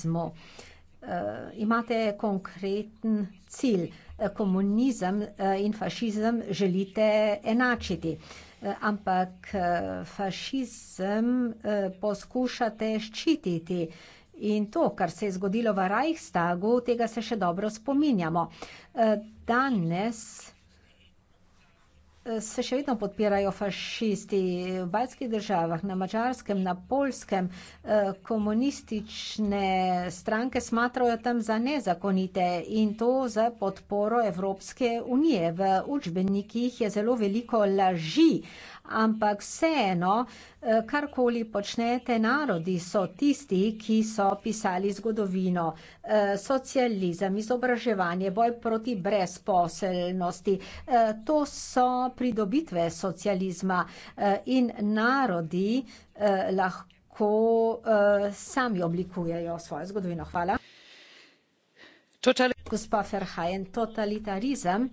smo. Uh, imate konkreten cilj. Komunizem uh, in fašizem želite enačiti, uh, ampak uh, fašizem uh, poskušate ščititi. In to, kar se je zgodilo v Rajhstagu, tega se še dobro spominjamo. Uh, danes se še vedno podpirajo fašisti v baljskih državah, na mačarskem, na polskem, e, komunistične stranke smatrajo tam za nezakonite in to za podporo Evropske unije. V učbenikih je zelo veliko laži ampak vseeno, eh, karkoli počnete, narodi so tisti, ki so pisali zgodovino. Eh, socializem, izobraževanje, boj proti brezposelnosti, eh, to so pridobitve socializma in narodi lahko sami oblikujejo svojo zgodovino. Hvala. Gospa Ferhajen, totalitarizem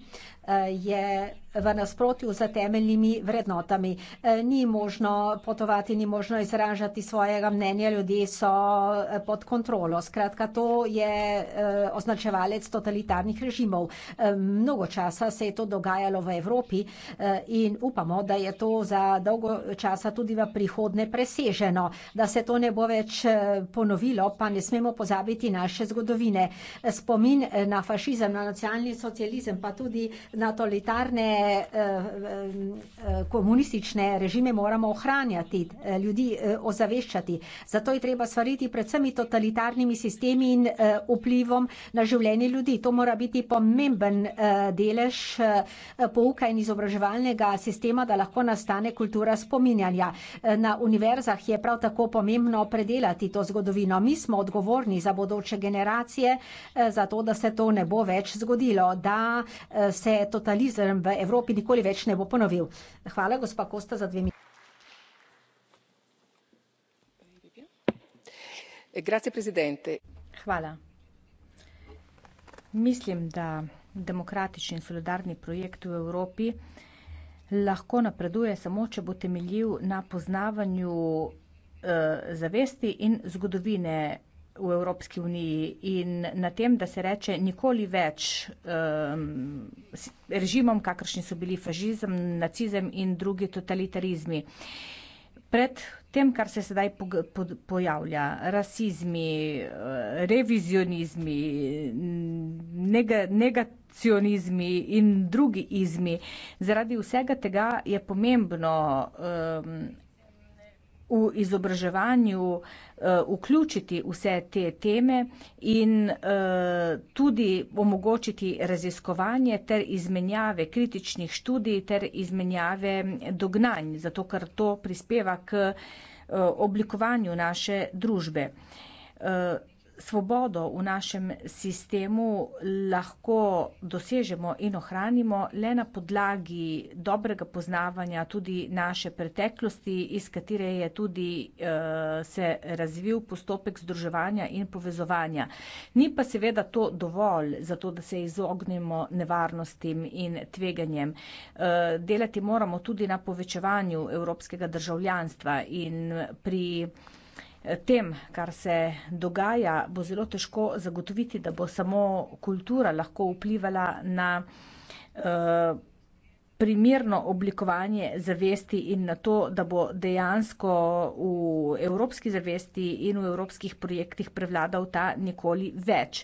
je v nasprotju z temeljnimi vrednotami. E, ni možno potovati, ni možno izražati svojega mnenja, ljudje so e, pod kontrolo. Skratka, to je e, označevalec totalitarnih režimov. Mnogo časa se je to dogajalo v Evropi in upamo, da je to za dolgo časa tudi v prihodne preseženo. Da se to ne bo več ponovilo, pa ne smemo pozabiti naše zgodovine. Spomin na fašizem, na nacionalni socializem, pa tudi na totalitarne eh, eh, eh, komunistične režime moramo ohranjati, ljudi ozaveščati. Zato je treba svariti predvsem totalitarnimi sistemi in vplivom na življenje ljudi. To mora biti pomemben delež pouka in izobraževalnega sistema, da lahko nastane kultura spominjanja. Na univerzah je prav tako pomembno predelati to zgodovino. Mi smo odgovorni za bodoče generacije, za to, da se to ne bo več zgodilo, da se totalizem v Evropi nikoli več ne bo ponovil. Hvala, gospa Kosta, za dve minuti. Hvala. Mislim, da demokratični in solidarni projekt v Evropi lahko napreduje samo, če bo temeljil na poznavanju eh, zavesti in zgodovine v Evropski uniji in na tem, da se reče nikoli več um, režimom, kakršni so bili fašizem, nacizem in drugi totalitarizmi. Pred tem, kar se sedaj po, po, pojavlja, rasizmi, uh, revizionizmi, nega, negacionizmi in drugi izmi, zaradi vsega tega je pomembno um, v izobraževanju eh, vključiti vse te teme in eh, tudi omogočiti raziskovanje ter izmenjave kritičnih študij ter izmenjave mm, dognanj, zato ker to prispeva k eh, oblikovanju naše družbe svobodo v našem sistemu lahko dosežemo in ohranimo le na podlagi dobrega poznavanja tudi naše preteklosti, iz katere je tudi uh, se razvil postopek združevanja in povezovanja. Ni pa seveda to dovolj za to, da se izognemo nevarnostim in tveganjem. Uh, delati moramo tudi na povečevanju evropskega državljanstva in pri uh, tem, kar se dogaja, bo zelo težko zagotoviti, da bo samo kultura lahko vplivala na eh, primerno oblikovanje zavesti in na to, da bo dejansko v evropski zavesti in v evropskih projektih prevladal ta nikoli več.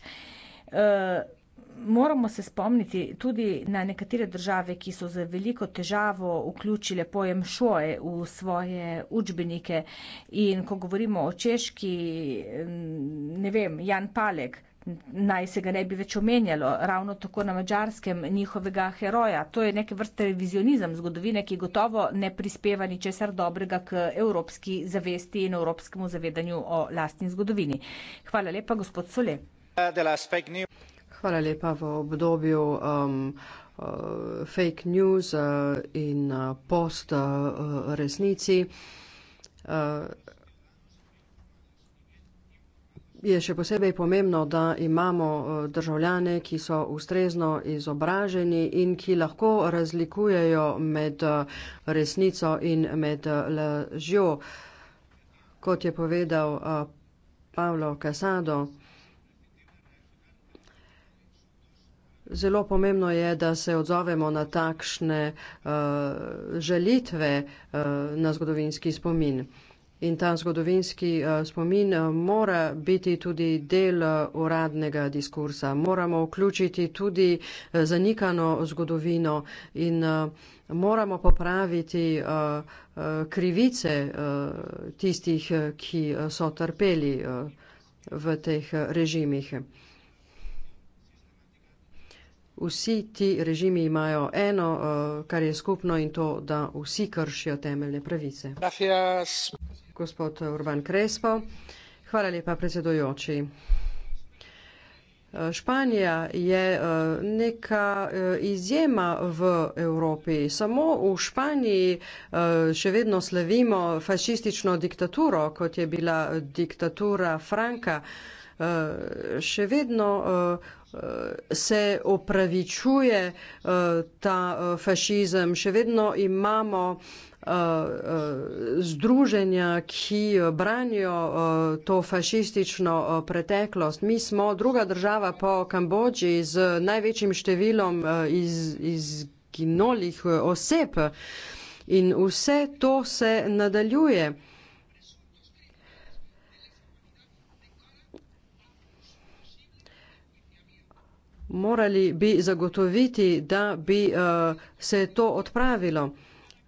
Eh, Moramo se spomniti tudi na nekatere države, ki so za veliko težavo vključile pojem šoje v svoje učbenike. In ko govorimo o češki, ne vem, Jan Palek, naj se ga ne bi več omenjalo, ravno tako na mačarskem njihovega heroja. To je neke vrste revizionizem zgodovine, ki gotovo ne prispeva ničesar dobrega k evropski zavesti in evropskemu zavedanju o lastni zgodovini. Hvala lepa, gospod Sole. Uh, Hvala lepa v obdobju. Um, uh, fake news uh, in uh, post resnici. Je še posebej pomembno, da imamo državljane, ki so ustrezno izobraženi in ki lahko razlikujejo med resnico in med lažjo. Kot je povedal Pavlo Casado, Zelo pomembno je, da se odzovemo na takšne uh, eh, želitve uh, eh, na zgodovinski spomin. In ta zgodovinski eh, spomin mora biti tudi del uradnega diskursa. Moramo vključiti tudi zanikano zgodovino in moramo popraviti krivice tistih, ki so trpeli v teh režimih vsi ti režimi imajo eno, eh, kar je skupno in to, da vsi kršijo temeljne pravice. Gracias. Gospod Urban Krespo, hvala lepa predsedojoči. Eh, Španija je eh, neka izjema v Evropi. Samo v Španiji še vedno slavimo fašistično diktaturo, kot je bila diktatura Franka še vedno eh, se opravičuje eh, ta eh, fašizem, še vedno imamo združenja, ki branijo to fašistično preteklost. Mi smo druga država po Kambodži z največjim številom iz, izginolih oseb in vse to se nadaljuje. morali bi zagotoviti, da bi uh, se to odpravilo.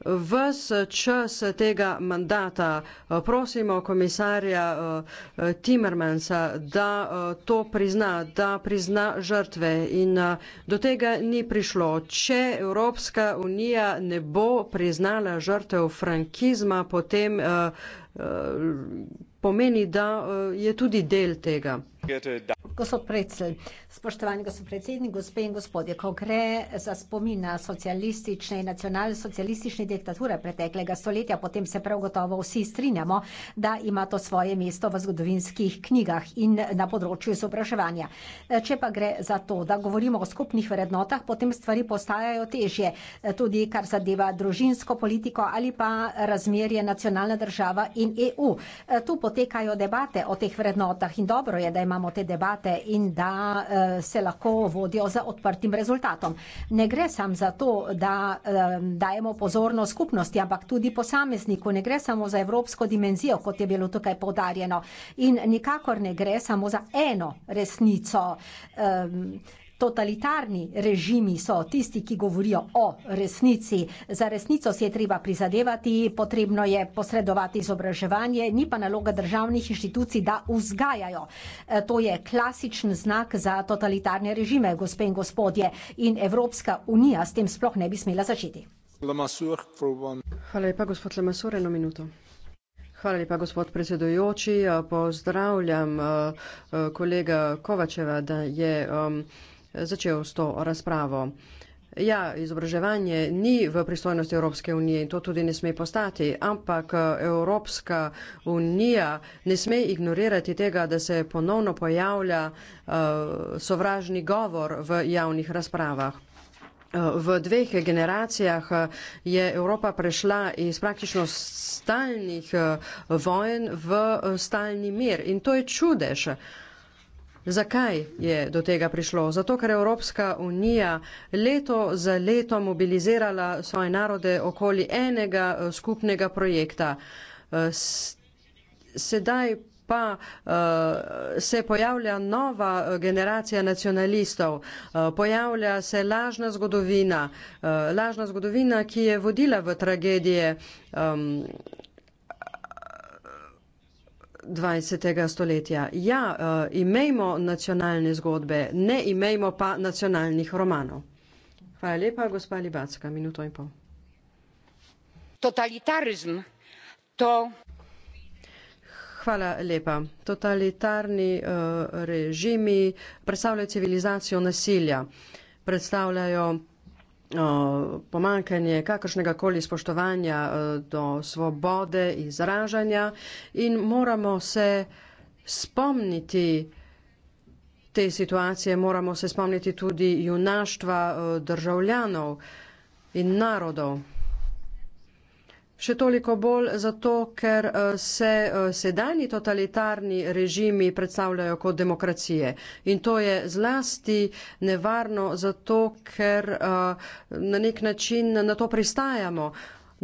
Ves čas tega mandata eh, prosimo komisarja eh, Timmermansa, da to prizna, da prizna žrtve in do tega ni prišlo. Če Evropska unija ne bo priznala žrtev frankizma, potem pomeni, da je tudi del tega. Uh, gospod predsel, spoštovani gospod predsednik, gospe in gospodje, ko gre za spomin na socialistične in nacionalsocialistične diktature preteklega stoletja, potem se prav gotovo vsi strinjamo, da ima to svoje mesto v zgodovinskih knjigah in na področju izobraževanja. Če pa gre za to, da govorimo o skupnih vrednotah, potem stvari postajajo težje, tudi kar zadeva družinsko politiko ali pa razmerje nacionalna država in EU. Tu potekajo debate o teh vrednotah in dobro je, da imamo te debate rezultate in da eh, se lahko vodijo z odprtim rezultatom. Ne gre sam za to, da eh, dajemo pozornost skupnosti, ampak tudi posamezniku. Ne gre samo za evropsko dimenzijo, kot je bilo tukaj podarjeno. In nikakor ne gre samo za eno resnico. Um, totalitarni režimi so tisti, ki govorijo o resnici. Za resnico si je treba prizadevati, potrebno je posredovati izobraževanje, ni pa naloga državnih inštitucij, da vzgajajo. E, to je klasičen znak za totalitarne režime, gospe in gospodje, in Evropska unija s tem sploh ne bi smela začeti. Hvala lepa, gospod Lemasur, eno minuto. Hvala lepa, gospod predsedujoči. Ja, pozdravljam e, e, kolega Kovačeva, da je. Um, začel s to razpravo. Ja, izobraževanje ni v pristojnosti Evropske unije in to tudi ne sme postati, ampak Evropska unija ne sme ignorirati tega, da se ponovno pojavlja uh, sovražni govor v javnih razpravah. V dveh generacijah je Evropa prešla iz praktično stalnih eh, vojen v eh, stalni mir in to je čudež. Uh, Zakaj je do tega prišlo? Zato, ker je Evropska unija leto za leto mobilizirala svoje narode okoli enega eh, skupnega projekta. Eh, sedaj pa uh, se pojavlja nova generacija nacionalistov, uh, pojavlja se lažna zgodovina, uh, lažna zgodovina, ki je vodila v tragedije. Um, 20. stoletja. Ja, uh, imejmo nacionalne zgodbe, ne imejmo pa nacionalnih romanov. Hvala lepa, gospa Libacka, minuto in pol. Totalitarizm to. Hvala lepa. Totalitarni uh, režimi predstavljajo civilizacijo nasilja, predstavljajo pomankanje kakršnega koli spoštovanja e, do svobode izražanja in moramo se spomniti te situacije, moramo se spomniti tudi junaštva e, državljanov in narodov. Še toliko bolj zato, ker eh, se eh, sedajni totalitarni režimi predstavljajo kot demokracije. In to je zlasti nevarno zato, ker eh, na nek način na to pristajamo.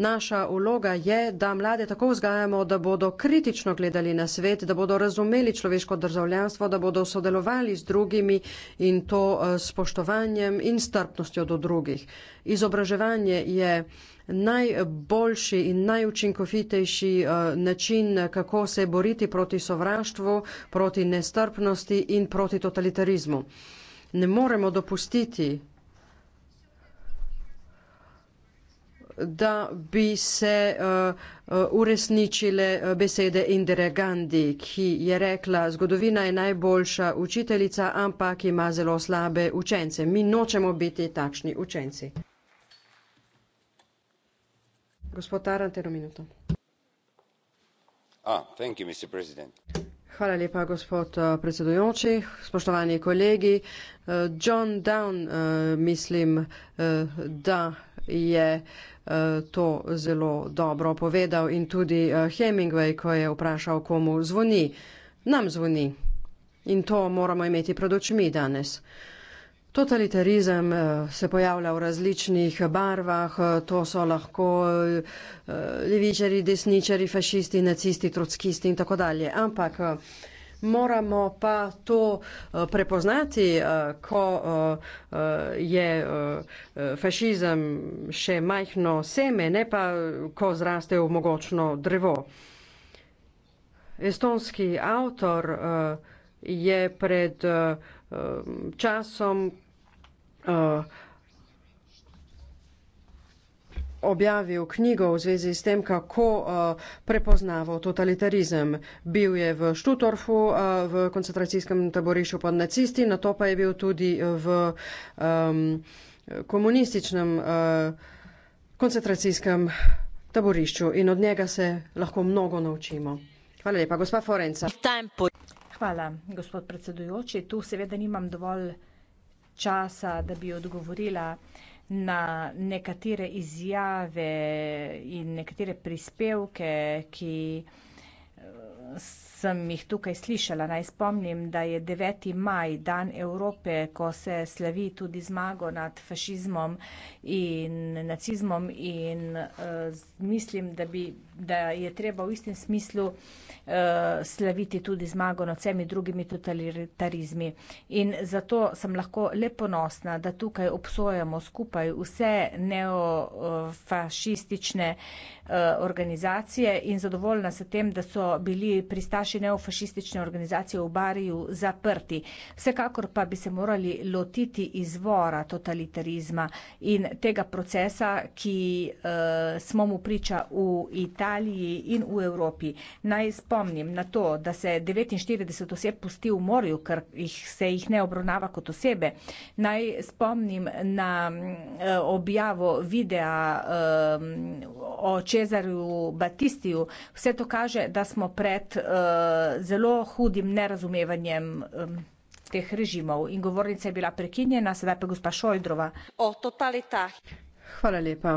Naša vloga je, da mlade tako vzgajamo, da bodo kritično gledali na svet, da bodo razumeli človeško državljanstvo, da bodo sodelovali z drugimi in to s spoštovanjem in strpnostjo do drugih. Izobraževanje je najboljši in najučinkovitejši eh, način, kako se boriti proti sovraštvu, proti nestrpnosti in proti totalitarizmu. Ne moremo dopustiti, da bi se eh, eh, uresničile besede Indire Gandhi, ki je rekla, zgodovina je najboljša učiteljica, ampak ima zelo slabe učence. Mi nočemo biti takšni učenci. Ah, Hvala lepa, gospod eh, predsedujoči. Spoštovani kolegi, eh, John Downe, eh, mislim, da je to zelo dobro povedal in tudi Hemingway, ko je vprašal, komu zvoni. Nam zvoni. In to moramo imeti pred očmi danes. Uh, Totalitarizem eh, se pojavlja v različnih barvah, eh, to so lahko eh, levičari, desničari, fašisti, nacisti, trockisti in tako dalje. Ampak moramo pa to prepoznati, ko je fašizem še majhno seme, ne pa ko zraste v mogočno drevo. Estonski avtor je pred Eh, časom eh, objavil knjigo v zvezi s tem, kako uh, prepoznavo totalitarizem. Bil je v Štutorfu, uh, v koncentracijskem taborišču pod nacisti, na to pa je bil tudi v um, komunističnem uh, koncentracijskem taborišču in od njega se lahko mnogo naučimo. Hvala lepa, gospa Forenca. Hvala, gospod predsedujoči. Tu seveda nimam dovolj časa, da bi odgovorila na nekatere izjave in nekatere prispevke, ki sem jih tukaj slišala. Naj spomnim, da je 9. maj dan Evrope, ko se slavi tudi zmago nad fašizmom in nacizmom in uh, mislim, da, bi, da je treba v istem smislu uh, slaviti tudi zmago nad vsemi drugimi totalitarizmi. In zato sem lahko le ponosna, da tukaj obsojamo skupaj vse neofašistične uh, Eh, organizacije in zadovoljna sem tem, da so bili pristaši neofašistične organizacije v Bariju zaprti. Vsekakor pa bi se morali lotiti izvora totalitarizma in tega procesa, ki uh, smo mu priča v Italiji in v Evropi. Naj spomnim na to, da se 49 oseb pusti v morju, ker jih, se jih ne obravnava kot osebe. Naj spomnim na uh, objavo videa uh, o čem Cezarju, Batistiju, vse to kaže, da smo pred uh, zelo hudim nerazumevanjem um, teh režimov. In govornica je bila prekinjena, sedaj pa gospa Šojdrova. O totalitah. Hvala lepa.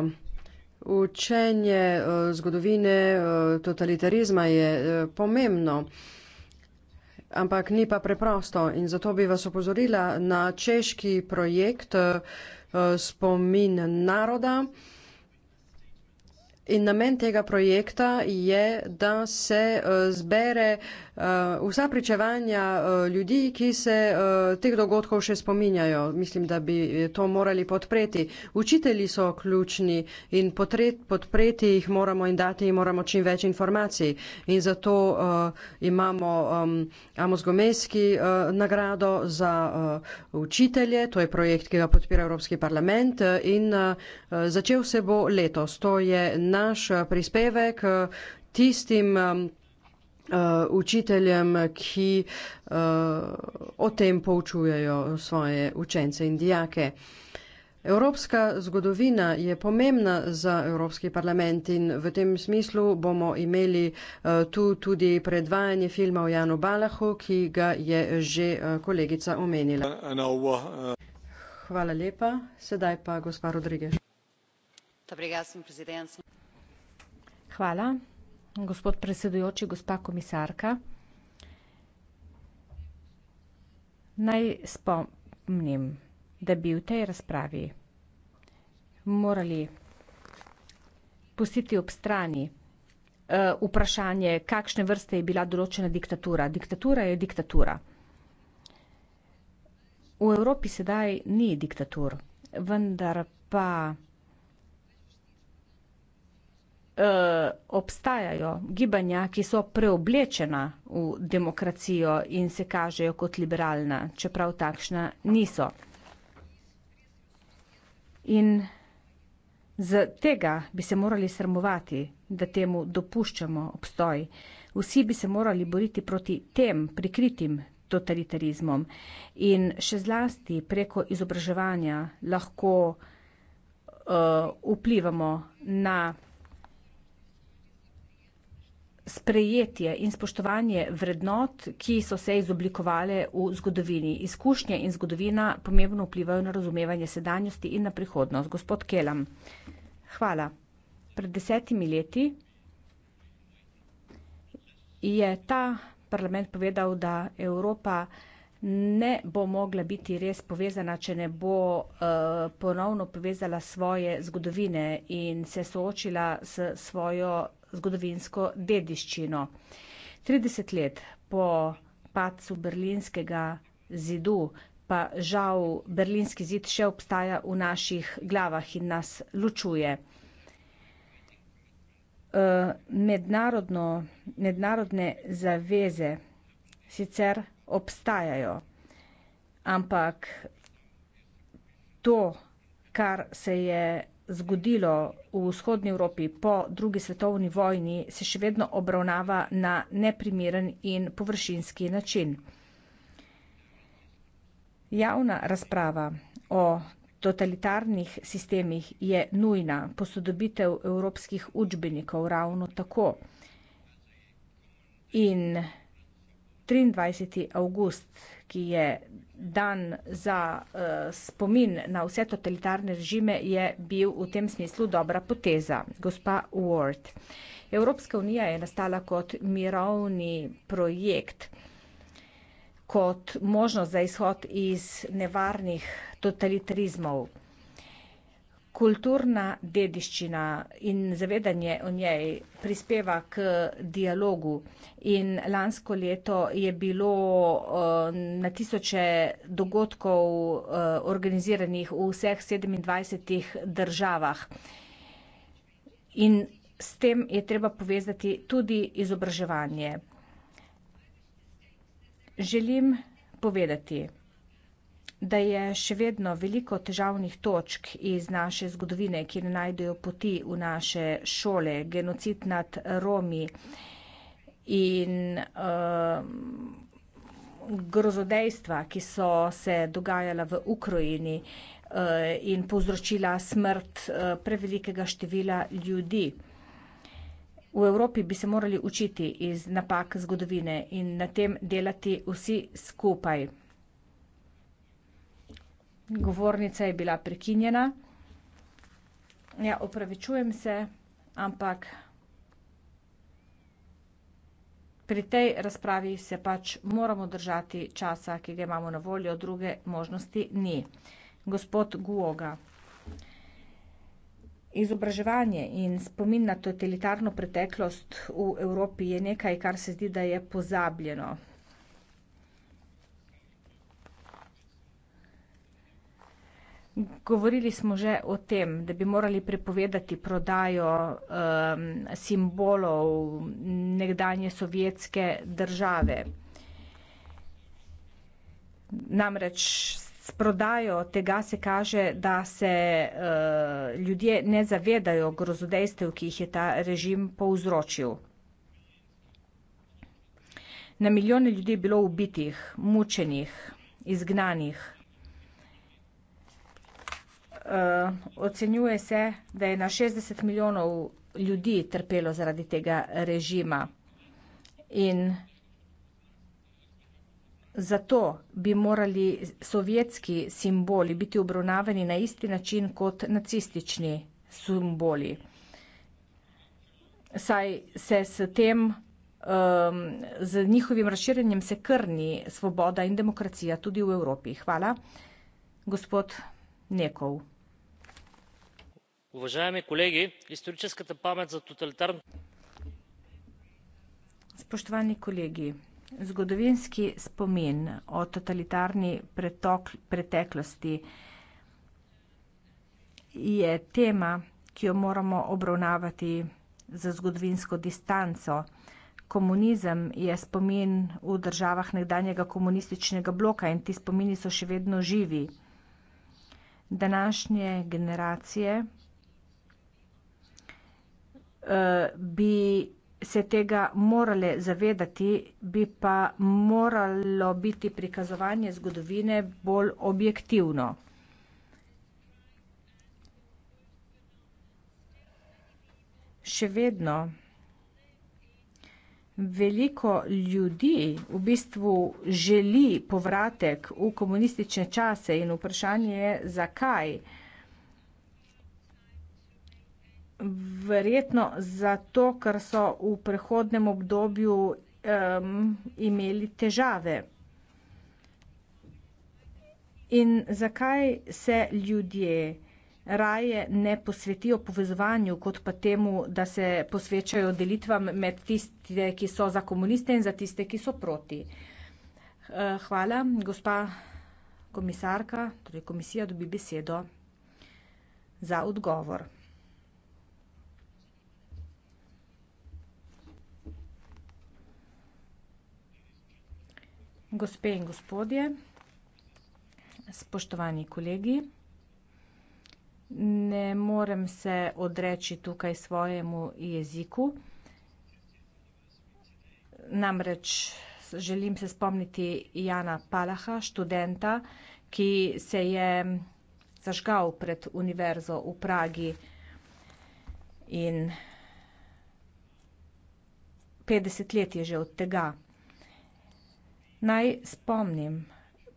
Učenje uh, zgodovine uh, totalitarizma je uh, pomembno. Ampak ni pa preprosto in zato bi vas opozorila na češki projekt Spomin naroda. In namen tega projekta je, da se eh, zbere Uh, vsa pričevanja uh, ljudi, ki se uh, teh dogodkov še spominjajo, mislim, da bi to morali podpreti. Učitelji so ključni in potret, podpreti jih moramo in dati jim moramo čim več informacij. In zato uh, imamo um, Amos Gomeski uh, nagrado za uh, učitelje, to je projekt, ki ga podpira Evropski parlament uh, in uh, začel se bo letos. To je naš uh, prispevek uh, tistim. Um, uh, učiteljem, ki uh, o tem poučujejo svoje učence in dijake. Evropska zgodovina je pomembna za Evropski parlament in v tem smislu bomo imeli eh, tu tudi predvajanje filma o Janu Balahu, ki ga je že kolegica omenila. Hvala lepa. Sedaj pa gospod Rodrigež. Hvala gospod predsedujoči, gospa komisarka. Naj spomnim, da bi v tej razpravi morali pustiti ob strani, e, vprašanje, kakšne vrste je bila določena diktatura. Diktatura je diktatura. V Evropi sedaj ni diktatur, vendar pa Eh, obstajajo gibanja, ki so preoblečena v demokracijo in se kažejo kot liberalna, čeprav takšna niso. In z tega bi se morali sramovati, da temu dopuščamo obstoj. Vsi bi se morali boriti proti tem prikritim totalitarizmom in še zlasti preko izobraževanja lahko uh, vplivamo na sprejetje in spoštovanje vrednot, ki so se izoblikovale v zgodovini. Izkušnje in zgodovina pomembno vplivajo na razumevanje sedanjosti in na prihodnost. Gospod Kelam, hvala. Pred desetimi leti je ta parlament povedal, da Evropa ne bo mogla biti res povezana, če ne bo uh, ponovno povezala svoje zgodovine in se soočila s svojo zgodovinsko dediščino. 30 let po padcu berlinskega zidu pa žal berlinski zid še obstaja v naših glavah in nas ločuje. Uh, mednarodne zaveze sicer obstajajo. Ampak to, kar se je zgodilo v vzhodni Evropi po drugi svetovni vojni, se še vedno obravnava na neprimeren in površinski način. Javna razprava o totalitarnih sistemih je nujna, posodobitev evropskih učbenikov ravno tako. In 23. avgust, ki je dan za uh, spomin na vse totalitarne režime, je bil v tem smislu dobra poteza. Gospa Ward. Evropska unija je nastala kot mirovni projekt, kot možnost za izhod iz nevarnih totalitarizmov kulturna dediščina in zavedanje o njej prispeva k dialogu. In lansko leto je bilo eh, na tisoče dogodkov eh, organiziranih v vseh 27 državah. In s tem je treba povezati tudi izobraževanje. Želim povedati, da je še vedno veliko težavnih točk iz naše zgodovine, ki ne najdejo poti v naše šole, genocid nad Romi in uh, grozodejstva, ki so se dogajala v Ukrajini uh, in povzročila smrt uh, prevelikega števila ljudi. V Evropi bi se morali učiti iz napak zgodovine in na tem delati vsi skupaj govornica je bila prekinjena. Ja, opravičujem se, ampak pri tej razpravi se pač moramo držati časa, ki ga imamo na voljo, druge možnosti ni. Gospod Guoga. Izobraževanje in spomin na totalitarno preteklost v Evropi je nekaj, kar se zdi, da je pozabljeno. Govorili smo že o tem, da bi morali prepovedati prodajo um, simbolov nekdanje sovjetske države. Namreč s prodajo tega se kaže, da se uh, ljudje ne zavedajo grozodejstev, ki jih je ta režim povzročil. Na milijone ljudi je bilo ubitih, mučenih, izgnanih, Eh, ocenjuje se, da je na 60 milijonov ljudi trpelo zaradi tega režima. In zato bi morali sovjetski simboli biti obravnavani na isti način kot nacistični simboli. Saj se s tem, um, z njihovim razširjenjem se krni svoboda in demokracija tudi v Evropi. Hvala, gospod Nekov уважаеми колеги, историческата памет за тоталитарно... Spoštovani kolegi, zgodovinski spomin o totalitarni pretok, preteklosti je tema, ki jo moramo obravnavati za zgodovinsko distanco. Komunizem je spomin v državah nekdanjega komunističnega bloka in ti spomini so še vedno živi. Današnje generacije Eh, bi se tega morale zavedati, bi pa moralo biti prikazovanje zgodovine bolj objektivno. Še vedno veliko ljudi v bistvu želi povratek v komunistične čase in vprašanje je, zakaj verjetno zato, ker so v prehodnem obdobju um, imeli težave. In zakaj se ljudje raje ne posvetijo povezovanju, kot pa temu, da se posvečajo delitvam med tiste, ki so za komuniste in za tiste, ki so proti? Eh, hvala, gospa komisarka, torej komisija dobi besedo za odgovor. Gospe in gospodje, spoštovani kolegi, ne morem se odreči tukaj svojemu jeziku. Namreč želim se spomniti Jana Palaha, študenta, ki se je zažgal pred univerzo v Pragi in petdeset let je že od tega. Naj spomnim,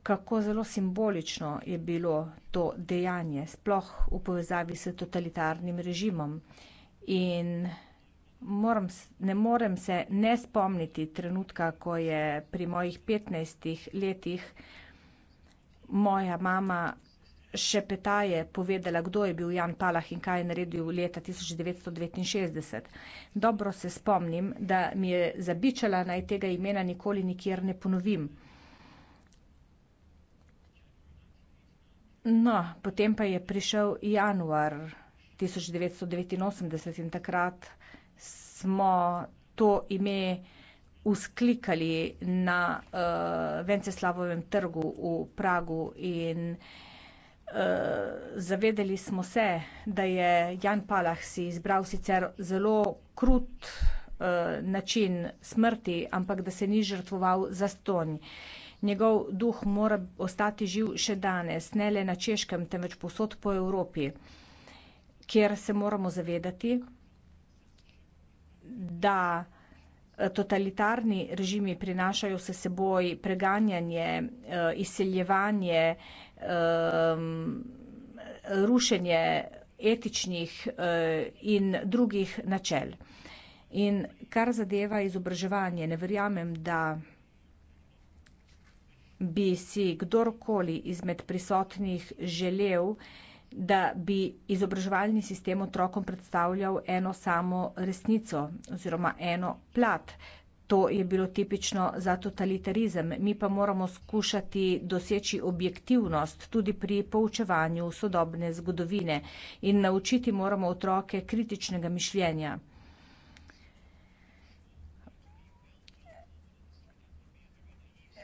kako zelo simbolično je bilo to dejanje, sploh v povezavi s totalitarnim režimom. In moram, ne morem se ne spomniti trenutka, ko je pri mojih petnajstih letih moja mama še petaje povedala, kdo je bil Jan Palah in kaj je naredil leta 1969. Dobro se spomnim, da mi je zabičala naj tega imena nikoli nikjer ne ponovim. No, potem pa je prišel januar 1989 in takrat smo to ime usklikali na uh, Venceslavovem trgu v Pragu in Eh, zavedali smo se, da je Jan Palah si izbral sicer zelo krut uh, način smrti, ampak da se ni žrtvoval za ston. Njegov duh mora ostati živ še danes, ne le na češkem, temveč posod po Evropi, kjer se moramo zavedati, da eh, totalitarni režimi prinašajo se seboj preganjanje, izseljevanje, Um, rušenje etičnih uh, in drugih načel. In kar zadeva izobraževanje, ne verjamem, da bi si kdorkoli izmed prisotnih želel, da bi izobraževalni sistem otrokom predstavljal eno samo resnico oziroma eno plat to je bilo tipično za totalitarizem, mi pa moramo skušati doseči objektivnost tudi pri poučevanju sodobne zgodovine in naučiti moramo otroke kritičnega mišljenja.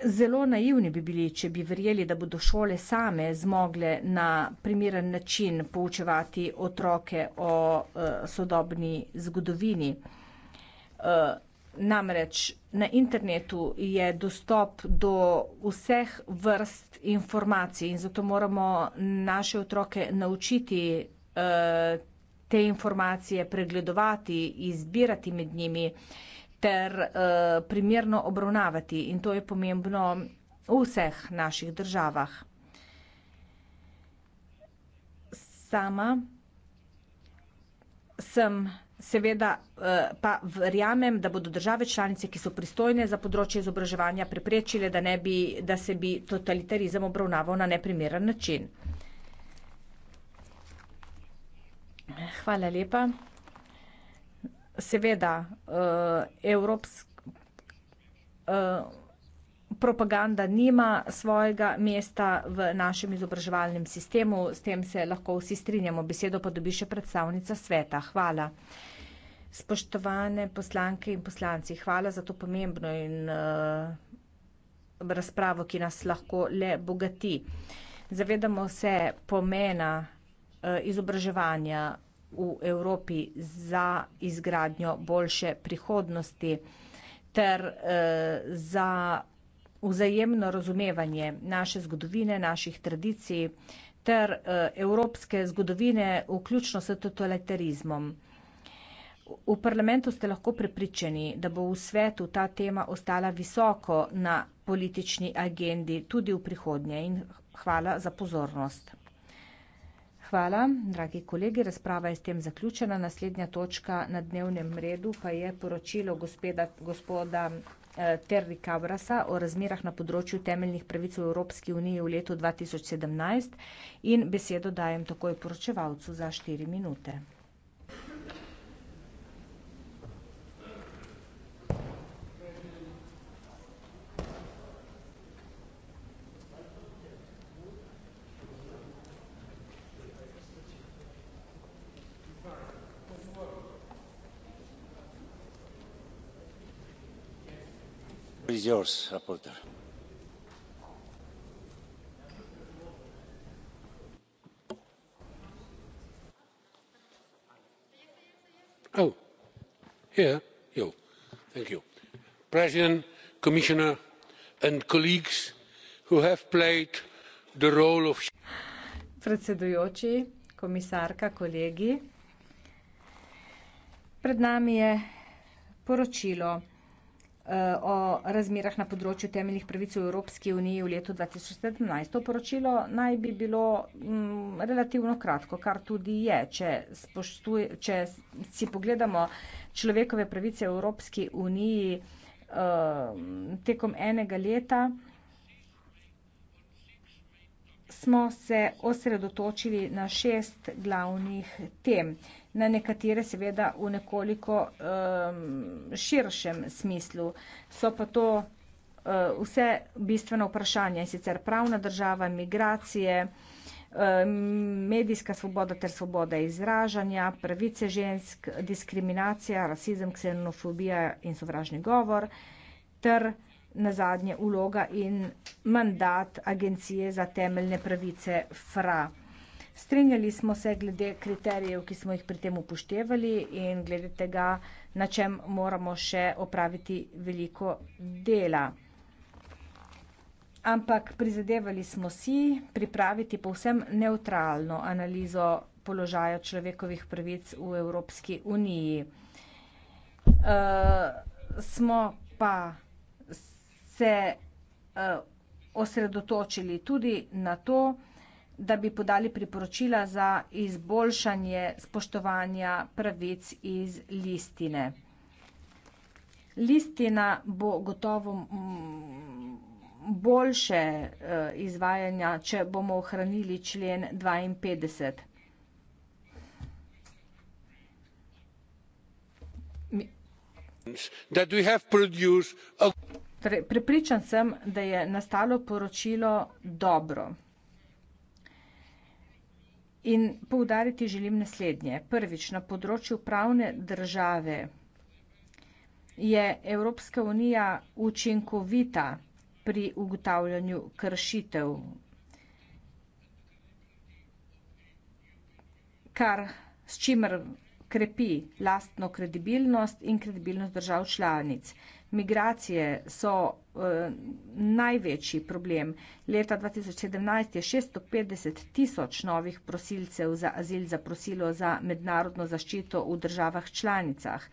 Zelo naivni bi bili, če bi verjeli, da bodo šole same zmogle na primeren način poučevati otroke o eh, sodobni zgodovini. Eh, Namreč na internetu je dostop do vseh vrst informacij in zato moramo naše otroke naučiti eh, te informacije pregledovati, izbirati med njimi ter eh, primerno obravnavati. In to je pomembno v vseh naših državah. Sama sem Seveda eh, pa verjamem, da bodo države članice, ki so pristojne za področje izobraževanja, preprečile, da, ne bi, da se bi totalitarizem obravnaval na neprimeren način. Hvala lepa. Seveda eh, evropsk, eh, propaganda nima svojega mesta v našem izobraževalnem sistemu, s tem se lahko vsi strinjamo. Besedo pa dobi še predstavnica sveta. Hvala. Spoštovane poslanke in poslanci, hvala za to pomembno in uh, razpravo, ki nas lahko le bogati. Zavedamo se pomena uh, izobraževanja v Evropi za izgradnjo boljše prihodnosti ter uh, za vzajemno razumevanje naše zgodovine, naših tradicij ter uh, evropske zgodovine, vključno s totalitarizmom v parlamentu ste lahko prepričani, da bo v svetu ta tema ostala visoko na politični agendi tudi v prihodnje. In hvala za pozornost. Hvala, dragi kolegi, razprava je s tem zaključena. Naslednja točka na dnevnem redu pa je poročilo gospeda, gospoda eh, Terry Kavrasa o razmerah na področju temeljnih pravic v Evropski uniji v letu 2017 in besedo dajem takoj poročevalcu za štiri minute. mr oh, president commissioner and colleagues who have played the role of. predsedujoči komisarka kolegi pred nami je poročilo Eh, o razmerah na področju temeljnih pravic v Evropski uniji v letu 2017. To poročilo naj bi bilo m, mm, relativno kratko, kar tudi je. Če, spoštuje, če si pogledamo človekove pravice v Evropski uniji uh, tekom enega leta, uh, smo se osredotočili na šest glavnih tem, na nekatere seveda v nekoliko um, širšem smislu. So pa to uh, vse bistvena vprašanja in sicer pravna država, migracije, medijska svoboda ter svoboda izražanja, pravice žensk, diskriminacija, rasizem, ksenofobija in sovražni govor ter na zadnje uloga in mandat Agencije za temeljne pravice FRA. Strenjali smo se glede kriterijev, ki smo jih pri tem upoštevali in glede tega, na čem moramo še opraviti veliko dela. Ampak prizadevali smo si pripraviti povsem neutralno analizo položaja človekovih pravic v Evropski uniji. E, smo pa se eh, osredotočili tudi na to, da bi podali priporočila za izboljšanje spoštovanja pravic iz listine. Listina bo gotovo boljše eh, izvajanja, če bomo ohranili člen dvainpetdeset. that we have produced a. Torej, prepričan sem, da je nastalo poročilo dobro. In poudariti želim naslednje. Prvič, na področju pravne države je Evropska unija učinkovita pri ugotavljanju kršitev, kar s čimer krepi lastno kredibilnost in kredibilnost držav članic. Migracije so uh, največji problem. Leta 2017 je 650 tisoč novih prosilcev za azil zaprosilo za mednarodno zaščito v državah članicah.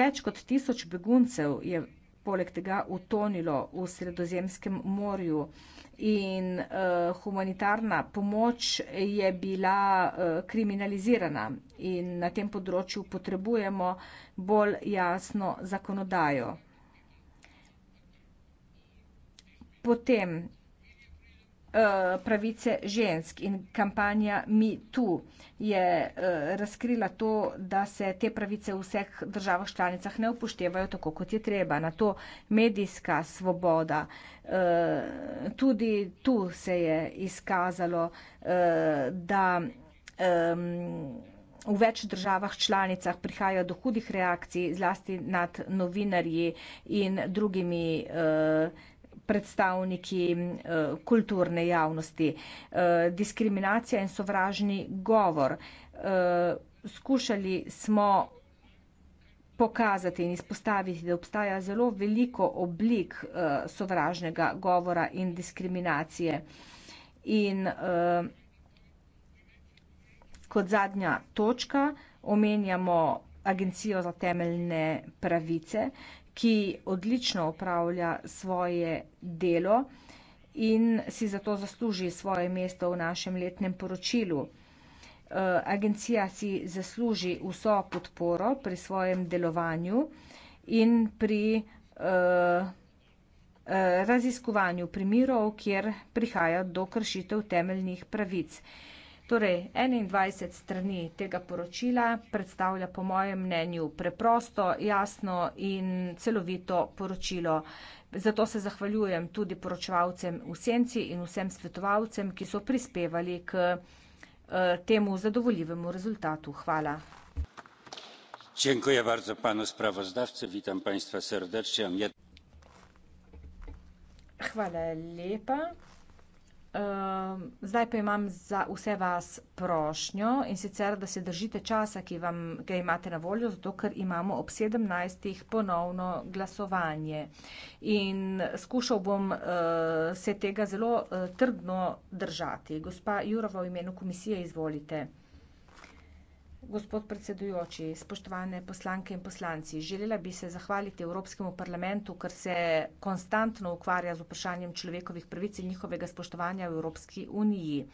Več kot tisoč beguncev je poleg tega utonilo v Sredozemskem morju. Uh, in uh, humanitarna pomoč je bila uh, kriminalizirana in na tem področju potrebujemo bolj jasno zakonodajo. Potem Eh, pravice žensk in kampanja MeToo je eh, razkrila to, da se te pravice v vseh državah članicah ne upoštevajo tako, kot je treba. Na to medijska svoboda. Eh, tudi tu se je izkazalo, da v več državah članicah prihaja do hudih reakcij, zlasti nad novinarji in drugimi članicami predstavniki eh, kulturne javnosti. Eh, diskriminacija in sovražni govor. Eh, skušali smo pokazati in izpostaviti, da obstaja zelo veliko oblik sovražnega govora in diskriminacije. In kot zadnja točka omenjamo Agencijo za temeljne pravice, ki odlično opravlja svoje delo in si zato zasluži svoje mesto v našem letnem poročilu. Eh, agencija si zasluži vso podporo pri svojem delovanju in pri eh, eh, raziskovanju primerov, kjer prihaja do kršitev temeljnih pravic. Torej, 21 strani tega poročila predstavlja po mojem mnenju preprosto, jasno in celovito poročilo. Zato se zahvaljujem tudi poročevalcem v senci in vsem svetovalcem, ki so prispevali k eh, temu zadovoljivemu rezultatu. Hvala. Dziękuję bardzo panu sprawozdawcy. Witam państwa serdecznie. Hvala lepa. Um, zdaj pa imam za vse vas prošnjo in sicer, da se držite časa, ki vam ga imate na voljo, zato ker imamo ob 17. ponovno glasovanje. In skušal bom uh, se tega zelo uh, trdno držati. Gospa Jurova v imenu komisije, izvolite. Gospod predsedujoči, spoštovane poslanke in poslanci, želela bi se zahvaliti Evropskemu parlamentu, ker se konstantno ukvarja z vprašanjem človekovih pravic in njihovega spoštovanja v Evropski uniji.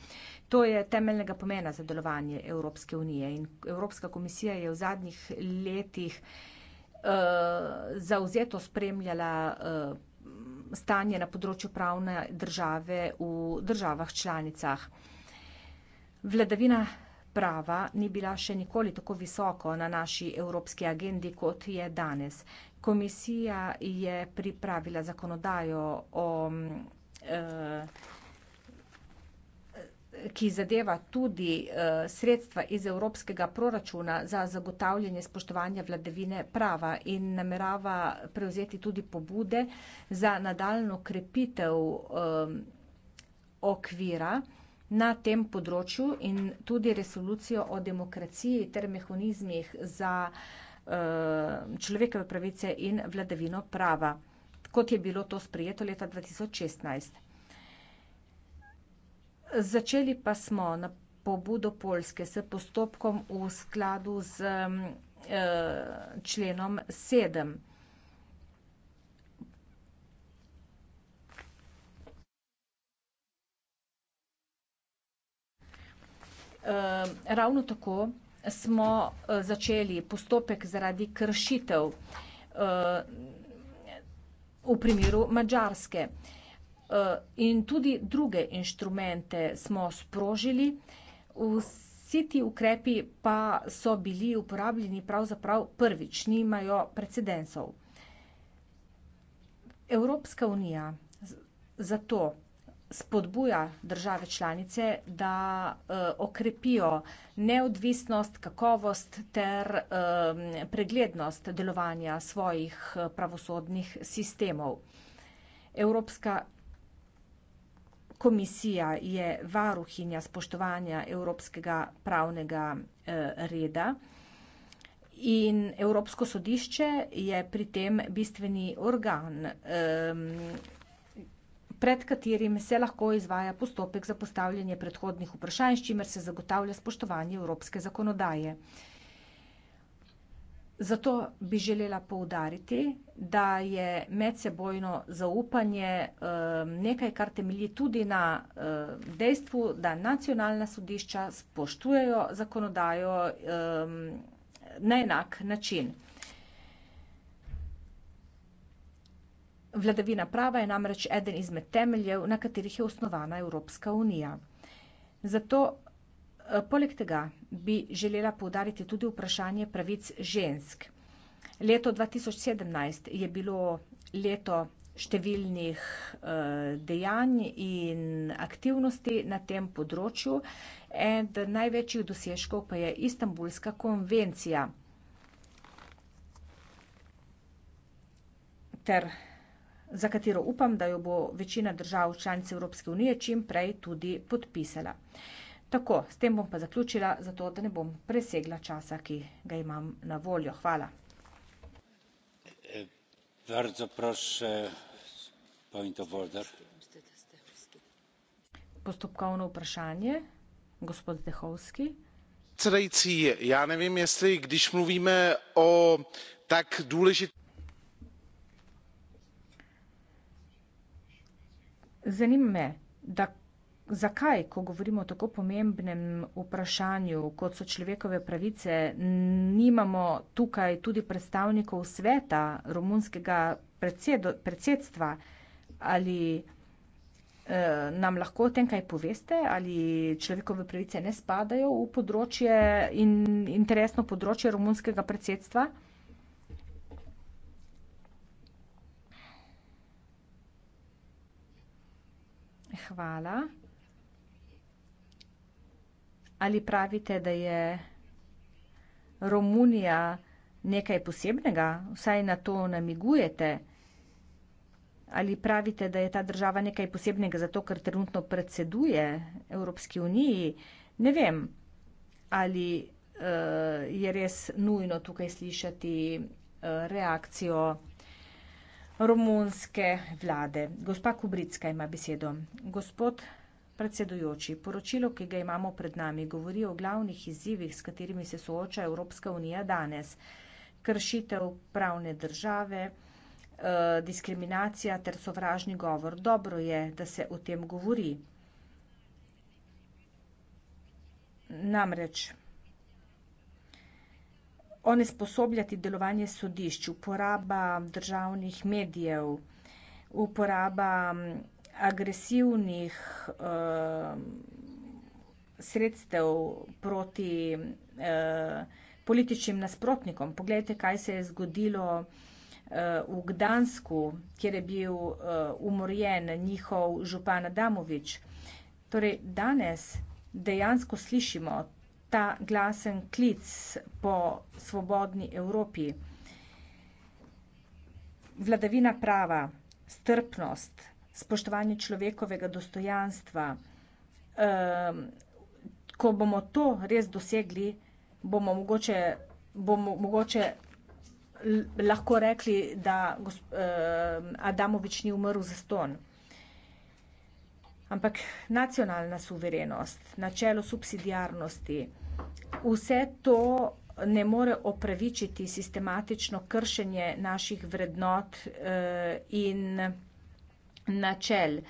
To je temeljnega pomena za delovanje Evropske unije in Evropska komisija je v zadnjih letih uh, eh, zauzeto spremljala uh, stanje na področju pravne države v državah članicah. Vladavina prava ni bila še nikoli tako visoko na naši evropski agendi, kot je danes. Komisija je pripravila zakonodajo o. Mm, eh, ki zadeva tudi uh, sredstva iz evropskega proračuna za zagotavljanje spoštovanja vladavine prava in namerava prevzeti tudi pobude za nadaljno krepitev um, okvira na tem področju in tudi resolucijo o demokraciji ter mehanizmih za eh, človekove pravice in vladavino prava, kot je bilo to sprejeto leta 2016. Začeli pa smo na pobudo Poljske s postopkom v skladu z eh, členom 7. Eh, ravno tako smo eh, začeli postopek zaradi kršitev eh, v primeru Mačarske. In tudi druge inštrumente smo sprožili, vsi ti ukrepi pa so bili uporabljeni pravzaprav prvič, nimajo precedensov. Evropska unija zato spodbuja države članice, da uh, okrepijo neodvisnost, kakovost ter uh, preglednost delovanja svojih eh, pravosodnih sistemov. Evropska komisija je varuhinja spoštovanja evropskega pravnega uh, reda in Evropsko sodišče je pri tem bistveni organ. Uh, pred katerim se lahko izvaja postopek za postavljanje predhodnih vprašanj, s čimer se zagotavlja spoštovanje evropske zakonodaje. Zato bi želela poudariti, da je medsebojno zaupanje eh, nekaj, kar temelji tudi na eh, dejstvu, da nacionalna sodišča spoštujejo zakonodajo eh, na enak način. Vladavina prava je namreč eden izmed temeljev, na katerih je osnovana Evropska unija. Zato, eh, poleg tega, bi želela povdariti tudi vprašanje pravic žensk. Leto 2017 je bilo leto številnih eh, dejanj in aktivnosti na tem področju. Ed največjih dosežkov pa je Istanbulska konvencija ter konvencija za katero upam, da jo bo večina držav članic Evropske unije čim prej tudi podpisala. Tako, s tem bom pa zaključila, zato da ne bom presegla časa, ki ga imam na voljo. Hvala. E, Postopkovno vprašanje, gospod Zdehovski. Předsedající, já nevím, jestli když mluvíme o tak důležitém Zanima me, da zakaj, ko govorimo o tako pomembnem vprašanju, kot so človekove pravice, nimamo tukaj tudi predstavnikov sveta romunskega predsedo, predsedstva ali eh, nam lahko o tem kaj poveste, ali človekove pravice ne spadajo v področje in interesno področje romunskega predsedstva? hvala. Ali pravite, da je Romunija nekaj posebnega? Vsaj na to namigujete. Ali pravite, da je ta država nekaj posebnega zato, ker trenutno predseduje Evropski uniji? Ne vem, ali uh, je res nujno tukaj slišati uh, reakcijo romunske vlade. Gospa Kubricka ima besedo. Gospod predsedujoči, poročilo, ki ga imamo pred nami, govori o glavnih izzivih, s katerimi se sooča Evropska unija danes. Kršitev pravne države, eh, diskriminacija ter sovražni govor. Dobro je, da se o tem govori. Namreč onesposobljati delovanje sodišč, uporaba državnih medijev, uporaba mm, agresivnih eh, sredstev proti eh, političnim nasprotnikom. Poglejte, kaj se je zgodilo eh, v Gdansku, kjer je bil eh, umorjen njihov župan Adamovič. Torej, danes dejansko slišimo ta glasen klic po svobodni Evropi. Vladavina prava, strpnost, spoštovanje človekovega dostojanstva. Um, ko bomo to res dosegli, bomo mogoče, bomo mogoče lahko rekli, da gosp, um, ehm, Adamovič ni umrl za ston. Ampak nacionalna suverenost, načelo subsidijarnosti, vse to ne more opravičiti sistematično kršenje naših vrednot eh, in načel.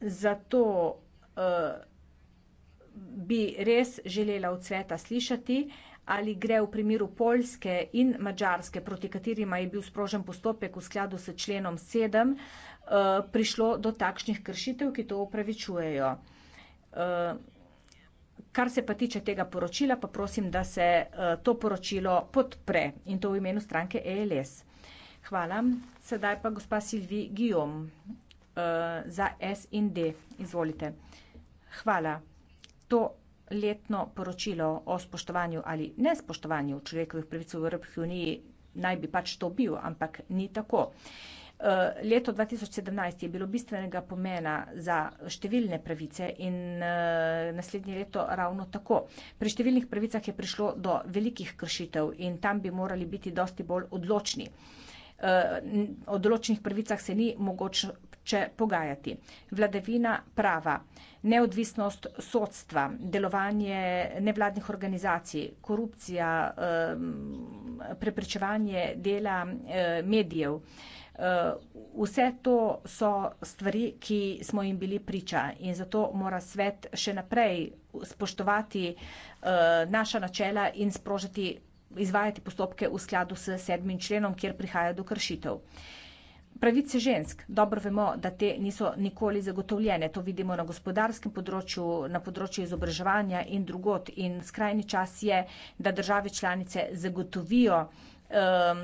Zato eh, bi res želela od sveta slišati, ali gre v primeru Poljske in Mačarske, proti katerima je bil sprožen postopek v skladu s členom 7, Eh, prišlo do takšnih kršitev, ki to upravičujejo. Eh, kar se pa tiče tega poročila, pa prosim, da se eh, to poročilo podpre in to v imenu stranke ELS. Hvala. Sedaj pa gospa Silvi Guillaume za SND. Izvolite. Hvala. To letno poročilo o spoštovanju ali nespoštovanju človekovih pravic v Evropski uniji naj bi pač to bil, ampak ni tako. Uh, Eh, leto 2017 je bilo bistvenega pomena za številne pravice in uh, naslednje leto ravno tako. Pri številnih pravicah je prišlo do velikih kršitev in tam bi morali biti dosti bolj odločni. Uh, o določenih pravicah se ni mogoče pogajati. Vladavina prava, neodvisnost sodstva, delovanje nevladnih organizacij, korupcija, uh, preprečevanje dela uh, medijev. Uh, Eh, vse to so stvari, ki smo jim bili priča in zato mora svet še naprej spoštovati eh, naša načela in sprožiti, izvajati postopke v skladu s sedmim členom, kjer prihaja do kršitev. Pravice žensk, dobro vemo, da te niso nikoli zagotovljene, to vidimo na gospodarskem področju, na področju izobraževanja in drugot in skrajni čas je, da države članice zagotovijo Um,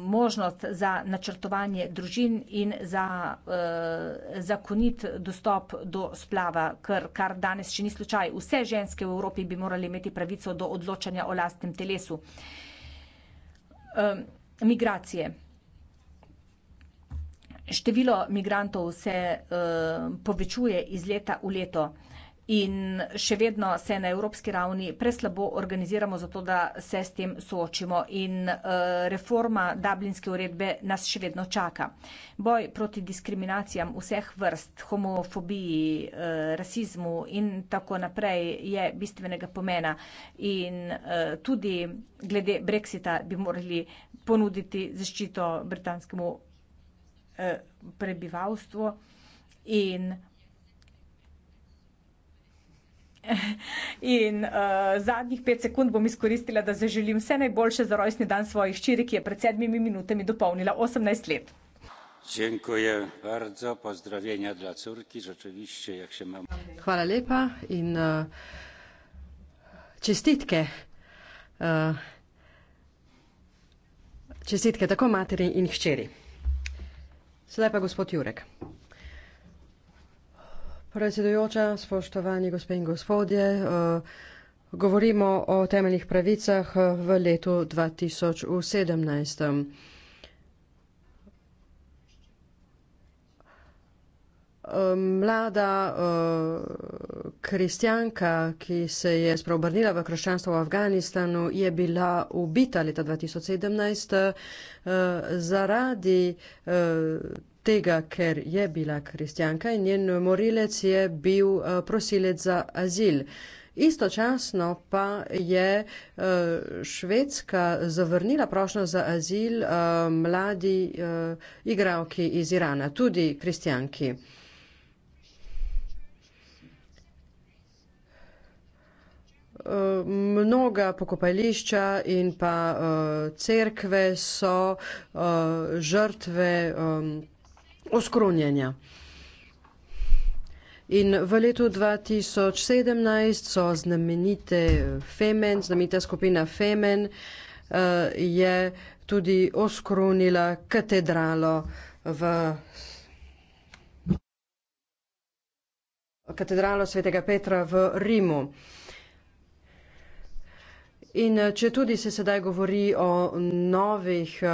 možnost za načrtovanje družin in za uh, zakonit dostop do splava, ker kar danes še ni slučaj. Vse ženske v Evropi bi morali imeti pravico do odločanja o lastnem telesu. Um, migracije. Število migrantov se uh, povečuje iz leta v leto in še vedno se na evropski ravni preslabo organiziramo zato, da se s tem soočimo in eh, reforma dublinske uredbe nas še vedno čaka. Boj proti diskriminacijam vseh vrst, homofobiji, eh, rasizmu in tako naprej je bistvenega pomena in eh, tudi glede brexita bi morali ponuditi zaščito britanskemu prebivalstvu in In uh, zadnjih pet sekund bom izkoristila, da zaželim vse najboljše za rojstni dan svoji ščiri, ki je pred sedmimi minutami dopolnila 18 let. Dziękuję bardzo. Pozdrowienia dla córki. Rzeczywiście, jak się mam. Hvala lepa in uh, čestitke. Uh, čestitke tako materi in hčeri. Sedaj pa gospod Jurek. Predsedujoča, spoštovani gospe in gospodje, eh, govorimo o temeljnih pravicah eh, v letu 2017. Eh, mlada uh, kristjanka, ki se je spreobrnila v krščanstvo v Afganistanu, je bila ubita leta 2017 uh, zaradi uh, tega, ker je bila kristjanka in njen morilec je bil eh, prosilec za azil. Istočasno pa je eh, Švedska zavrnila prošnjo za azil eh, mladi igralki iz Irana, tudi kristjanki. Mnoga pokopališča in pa cerkve so žrtve oskrunjenja. In v letu 2017 so znamenite Femen, znamenita skupina Femen eh, je tudi oskrunila katedralo v katedralo svetega Petra v Rimu. In eh, če tudi se sedaj govori o novih uh,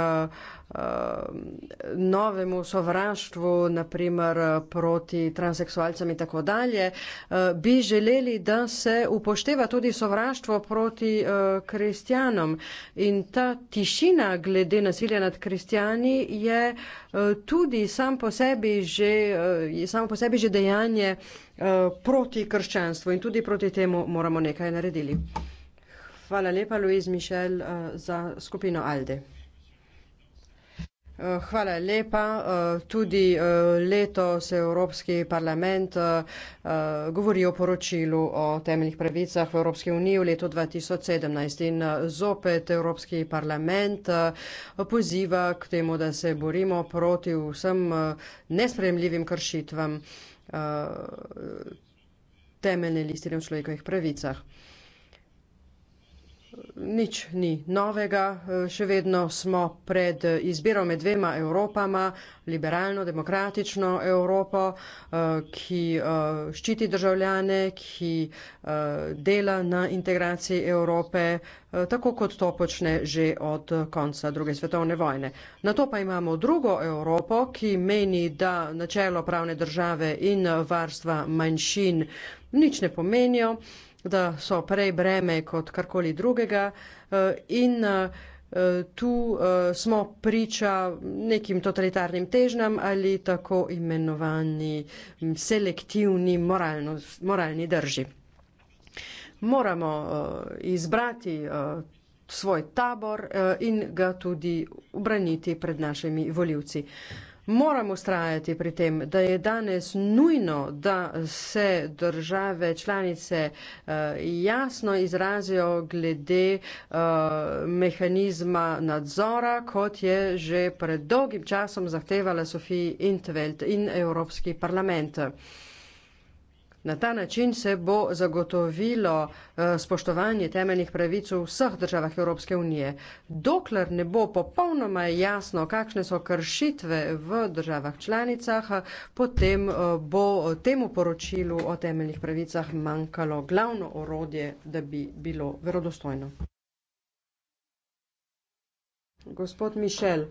uh, novemu sovraštvu, naprimer eh, proti transeksualcem in tako dalje, uh, bi želeli, da se upošteva tudi sovraštvo proti uh, kristjanom. In ta tišina glede nasilja nad kristjani je uh, tudi sam po sebi že, uh, samo po sebi že dejanje uh, proti krščanstvu in tudi proti temu moramo nekaj narediti. Hvala lepa, Luiz Mišel, za skupino Alde. Eh, hvala lepa. Eh, tudi eh, letos Evropski parlament govori o poročilu o temeljnih pravicah v Evropski uniji v letu 2017 in zopet Evropski parlament poziva k temu, da se borimo proti vsem nespremljivim kršitvam temeljne listine v človekovih pravicah. Nič ni novega, e, še vedno smo pred izbiro med dvema Evropama, liberalno, demokratično Evropo, e, ki e, ščiti državljane, ki dela na integraciji Evrope, tako kot to počne že od konca druge svetovne vojne. Na to pa imamo drugo Evropo, ki meni, da načelo pravne države in varstva manjšin nič ne pomenijo da so prej breme kot karkoli drugega eh, in eh, tu eh, smo priča nekim totalitarnim težnjam ali tako imenovani selektivni moralno, moralni drži. Moramo izbrati svoj tabor in ga tudi obraniti pred našimi voljivci. Moramo ustrajati pri tem, da je danes nujno, da se države članice eh, jasno izrazijo glede eh, mehanizma nadzora, kot je že pred dolgim časom zahtevala Sofija Intveld in Evropski parlament. Na ta način se bo zagotovilo eh, spoštovanje temeljnih pravic v vseh državah Evropske unije. Dokler ne bo popolnoma jasno, kakšne so kršitve v državah članicah, eh, potem eh, bo temu poročilu o temeljnih pravicah manjkalo glavno orodje, da bi bilo verodostojno. Gospod Mišel.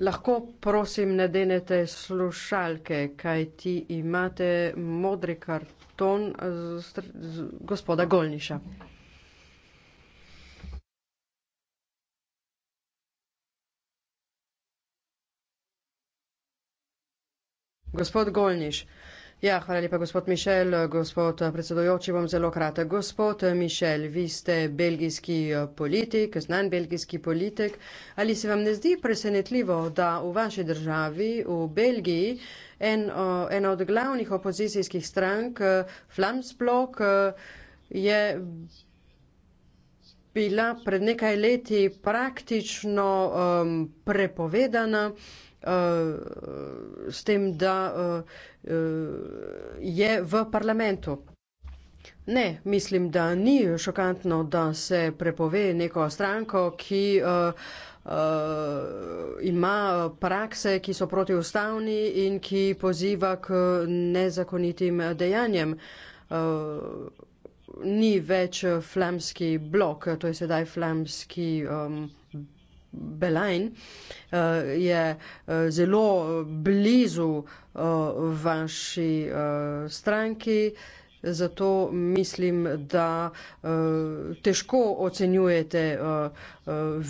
Lahko prosim ne denete slušalke, kaj ti imate modri karton gospoda Golniša. Gospod Golniš. Ja, hvala lepa, gospod Mišel. Gospod predsedojoči, bom zelo kratek. Gospod Mišel, vi ste belgijski politik, znan belgijski politik. Ali se vam ne zdi presenetljivo, da v vaši državi, v Belgiji, en, ena od glavnih opozicijskih strank, Flamsblok, je bila pred nekaj leti praktično um, prepovedana? Eh, s tem, da eh, eh, je v parlamentu. Ne, mislim, da ni šokantno, da se prepove neko stranko, ki ima prakse, ki so protiustavni in ki poziva k nezakonitim dejanjem. Ni več flamski blok, to je sedaj flamski Belajn eh, je eh, zelo eh, blizu vaši stranki, zato mislim, da težko ocenjujete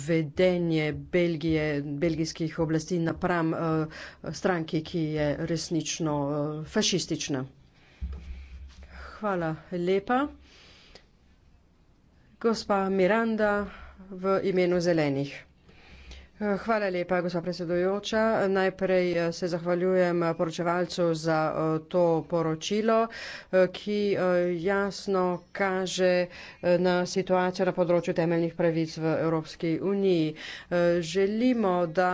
vedenje Belgije, belgijskih oblasti napram stranki, ki je resnično fašistična. Hvala lepa. Gospa Miranda v imenu zelenih. Hvala lepa, gospa predsedujoča. Najprej eh, se zahvaljujem eh, poročevalcu za eh, to poročilo, ki jasno kaže na situacijo na področju temeljnih pravic v Evropski uniji. Želimo, da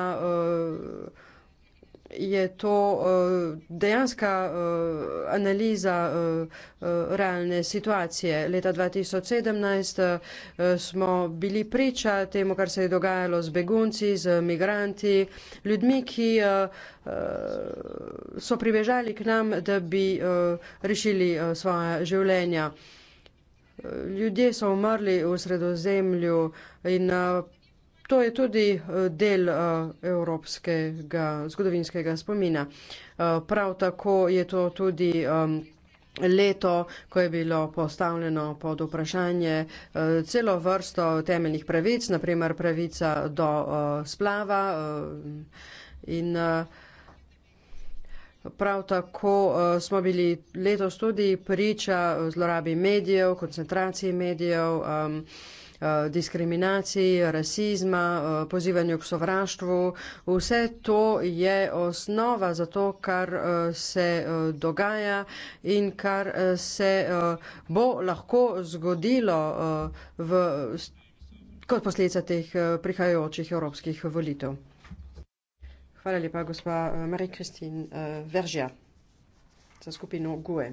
je to uh, dejanska uh, analiza uh, uh, realne situacije. Leta 2017 uh, smo bili priča temu, kar se je dogajalo z begunci, z migranti, ljudmi, ki uh, uh, so pribežali k nam, da bi uh, rešili uh, svoje življenja. Ljudje so umrli v sredozemlju in uh, To je tudi eh, del eh, evropskega zgodovinskega spomina. Eh, prav tako je to tudi leto, ko je bilo postavljeno pod vprašanje celo vrsto temeljnih pravic, naprimer pravica do splava in Prav tako uh, smo bili letos tudi priča zlorabi medijev, koncentraciji medijev. Um, Eh, diskriminaciji, rasizma, eh, pozivanju k sovraštvu. Vse to je osnova za to, kar eh, se dogaja in kar se bo lahko zgodilo v, kot posledica teh prihajajočih evropskih volitev. Hvala lepa, gospa Marie-Christine Veržja za skupino GUE.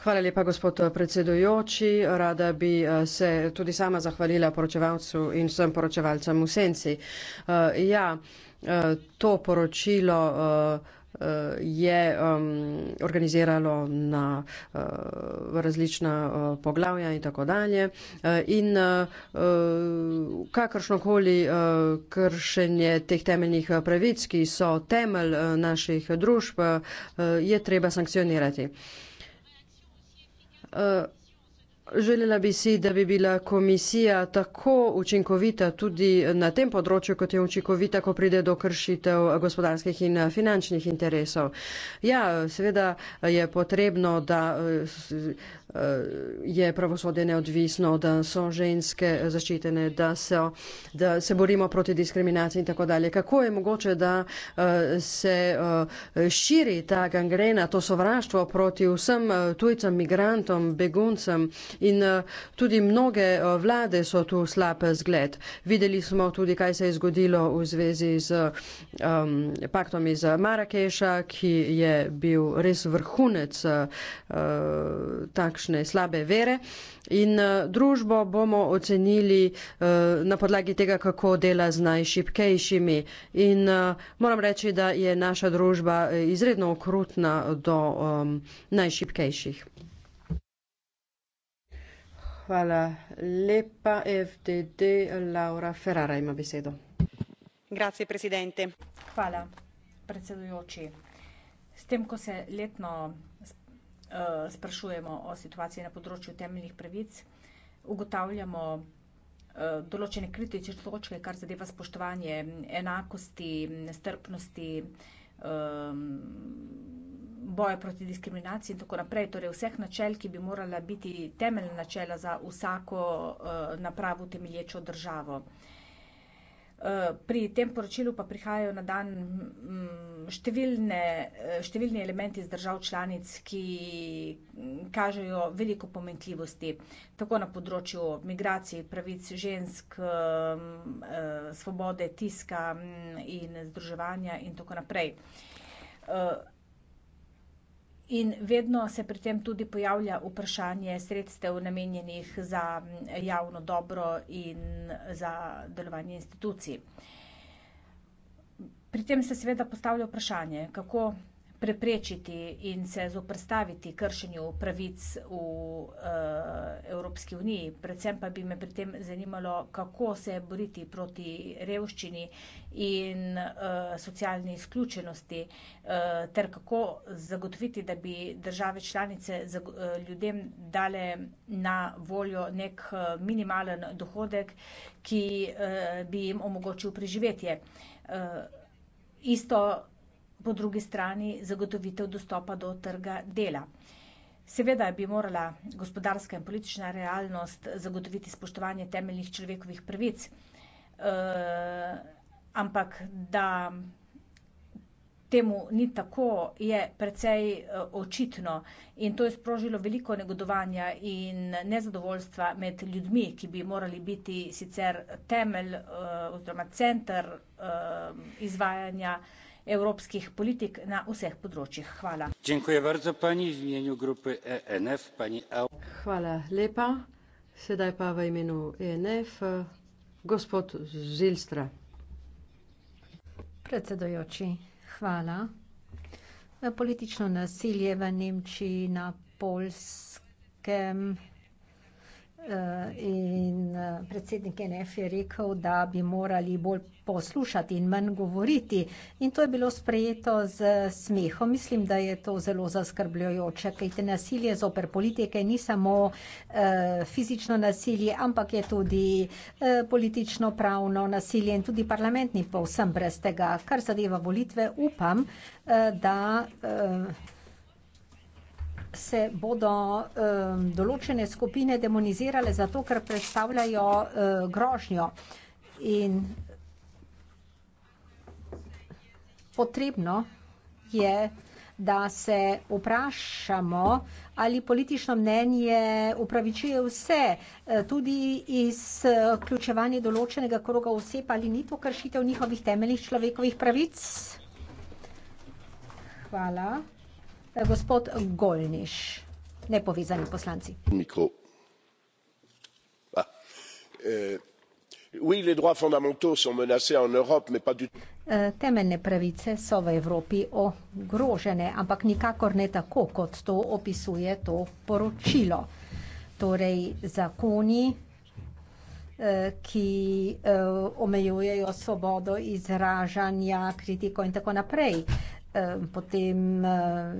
Hvala lepa, gospod eh, predsedujoči. Rada bi eh, se tudi sama zahvalila poročevalcu in vsem poročevalcem v senci. Eh, ja, to poročilo je um, organiziralo na uh, različna uh, poglavja in tako dalje. Uh, in uh, uh, kakršnokoli uh, kršenje teh temeljnih pravic, ki so temelj uh, naših družb, uh, je treba sankcionirati. Uh, Eh, želela bi si, da bi bila komisija tako učinkovita tudi na tem področju, kot je učinkovita, ko pride do kršitev gospodarskih in eh, finančnih interesov. Ja, seveda je potrebno, da eh, Eh, je pravosodje neodvisno, da so ženske eh, zaščitene, da, so, da se borimo proti diskriminaciji in tako dalje. Kako je mogoče, da eh, se širi ta gangrena, to sovraštvo proti vsem tujcem, migrantom, beguncem in tudi mnoge vlade so tu slab zgled. Videli smo tudi, kaj se je zgodilo v zvezi z um, paktom iz Marakeša, ki je bil res vrhunec uh, takšnega kakšne slabe vere in eh, družbo bomo ocenili eh, na podlagi tega, kako dela z najšipkejšimi. In eh, moram reči, da je naša družba izredno okrutna do ehm, najšipkejših. Hvala lepa. FDD Laura Ferrara ima besedo. Grazie, presidente. Hvala, predsedujoči. S tem, ko se letno Eh, sprašujemo o situaciji na področju temeljnih pravic, ugotavljamo eh, določene kritične točke, kar zadeva spoštovanje enakosti, strpnosti, boja proti diskriminaciji in tako naprej, torej vseh načel, ki bi morala biti temeljna načela za vsako eh, na pravu temelječo državo. Eh, pri tem poročilu pa prihajajo na dan mm, številne, eh, številni elementi iz držav članic, ki mm, kažejo veliko pomenkljivosti, tako na področju migracij, pravic žensk, eh, mm, svobode tiska in združevanja in tako naprej. In vedno se pri tem tudi pojavlja vprašanje sredstev namenjenih za javno dobro in za delovanje institucij. Pri tem se seveda postavlja vprašanje, kako preprečiti in se zoprstaviti kršenju pravic v uh, Evropski uniji. Predvsem pa bi me pri tem zanimalo, kako se boriti proti revščini in uh, socialni izključenosti, uh, ter kako zagotoviti, da bi države članice zag, uh, ljudem dale na voljo nek minimalen dohodek, ki uh, bi jim omogočil preživetje. Uh, isto po drugi strani zagotovitev dostopa do trga dela. Seveda bi morala gospodarska in politična realnost zagotoviti spoštovanje temeljnih človekovih pravic, eh, ampak da temu ni tako, je precej eh, očitno in to je sprožilo veliko negodovanja in nezadovoljstva med ljudmi, ki bi morali biti sicer temelj eh, oziroma center izvajanja evropskih politik na vseh področjih. Hvala. E hvala lepa. Sedaj pa v imenu ENF gospod Zilstra. Predsedujoči, hvala. Politično nasilje v Nemčiji na Poljskem Eh, in eh, predsednik NF je rekel, da bi morali bolj poslušati in manj govoriti. In to je bilo sprejeto z smehom. Mislim, da je to zelo zaskrbljujoče, kajte nasilje zoper politike ni samo eh, fizično nasilje, ampak je tudi eh, politično, pravno nasilje in tudi parlamentni povsem brez tega. Kar zadeva volitve, upam, eh, da. Eh, se bodo um, določene skupine demonizirale zato, ker predstavljajo uh, grožnjo. In potrebno je, da se vprašamo, ali politično mnenje upravičuje vse, e, tudi izključevanje določenega kroga oseb, ali ni to kršitev njihovih temeljnih človekovih pravic. Hvala. Eh, ah. eh, eh, temeljne pravice so v evropi ogrožene ampak nikakor ne tako kot to opisuje to poročilo torej zakoni ki omejujejo svobodo izražanja kritiko in tako naprej potem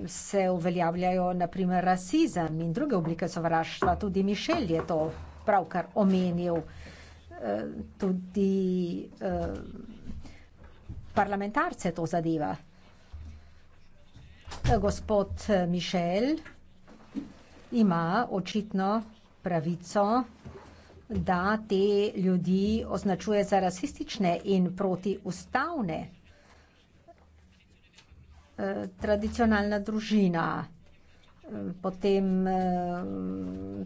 se uveljavljajo naprimer rasizem in druge oblike sovraštva. Tudi Mišel je to pravkar omenil. Tudi parlamentarce to zadeva. E, gospod Mišel ima očitno pravico, da te ljudi označuje za rasistične in protiustavne tradicionalna družina. Potem eh,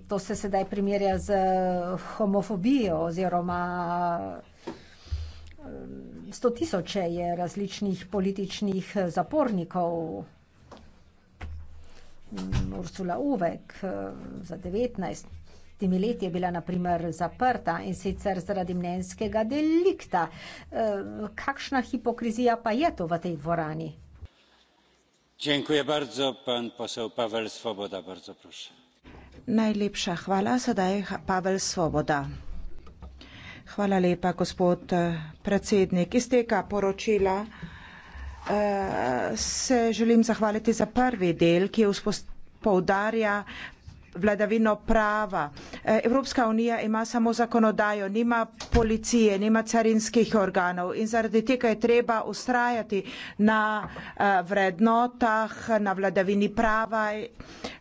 to se sedaj primerja z homofobijo oziroma eh, sto tisoče je različnih političnih zapornikov. Ursula Uvek eh, za devetnajst Timi let je bila na primer zaprta in sicer zaradi mnenjskega delikta. Kakšna hipokrizija pa je to v tej dvorani? Najlepša hvala, sedaj Pavel Svoboda. Hvala lepa, gospod, e, predsednik. Iz tega poročila, e, se želim zahvaliti za prvi del, ki je poudarja vladavino prava. Eh, Evropska unija ima samo zakonodajo, nima policije, nima carinskih organov in zaradi tega je treba ustrajati na eh, vrednotah, na vladavini prava.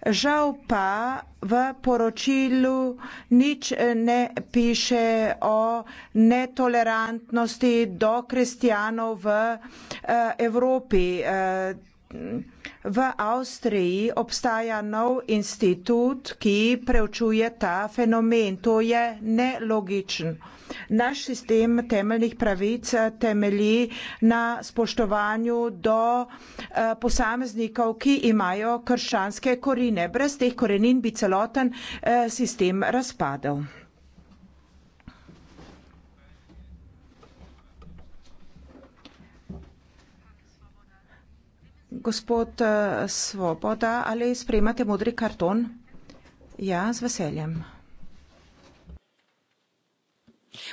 Žal pa v poročilu nič eh, ne piše o netolerantnosti do kristijanov v Evropi v Avstriji obstaja nov institut, ki preučuje ta fenomen. To je nelogičen. Naš sistem temeljnih pravic temelji na spoštovanju do eh, posameznikov, ki imajo krščanske korine. Brez teh korenin bi celoten eh, sistem razpadel. Gospod eh, Svoboda, ali sprejmate modri karton? Ja, z veseljem.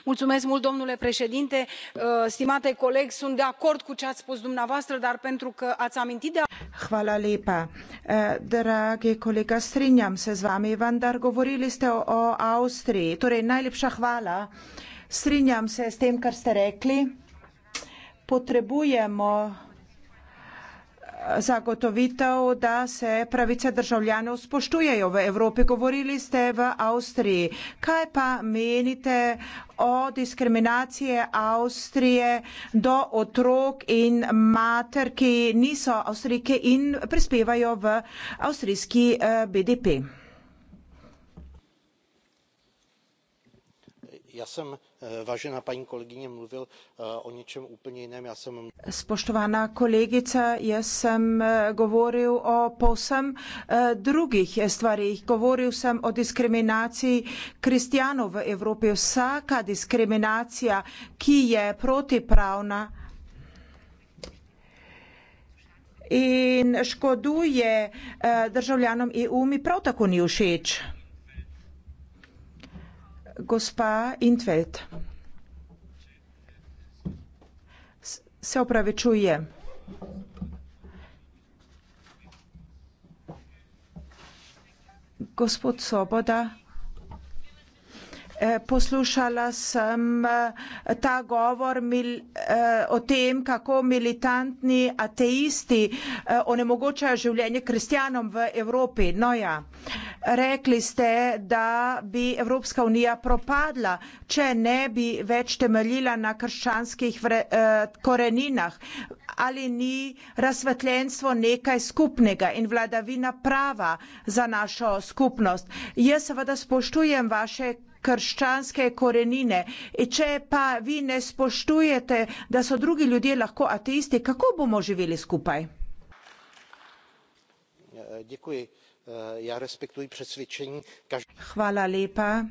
Mulțumesc mult, domnule președinte. Eh, stimate coleg, sunt de acord cu ce ați spus dumneavoastră, dar pentru că ați amintit de... Hvala lepa. Eh, dragi kolega, strinjam se z vami, vendar govorili ste o, o Avstriji. Torej, najlepša hvala. Strinjam se s tem, kar ste rekli. Potrebujemo zagotovitev, da se pravice državljanov spoštujejo v Evropi. Govorili ste v Avstriji. Kaj pa menite o diskriminaciji Avstrije do otrok in mater, ki niso Avstrike in prispevajo v avstrijski eh, BDP? Jaz sem Eh, vážená paní kolegyně mluvil eh, o něčem úplně jiném. Já jsem... Spoštovaná kolegice, já jsem eh, govoril o posem druhých stvarích. Govoril jsem o diskriminaci křesťanů v Evropě. Vsaká diskriminace, ki je protipravna, in škoduje državljanom EU, mi prav tako ni všeč gospa Intvet. Se opravičuje. Gospod Soboda. Eh, poslušala sem eh, ta govor mil, eh, o tem, kako militantni ateisti onemogočajo življenje kristjanom v Evropi. No ja, rekli ste, da bi Evropska unija propadla, če ne bi več temeljila na krščanskih vre, koreninah. Ali ni razsvetljenstvo nekaj skupnega in vladavina prava za našo skupnost? Jaz seveda spoštujem vaše krščanske korenine. E če pa vi ne spoštujete, da so drugi ljudje lahko ateisti, kako bomo živeli skupaj? Ja, děkuji. E, já respektuji přesvědčení. Každý... Hvala lepa.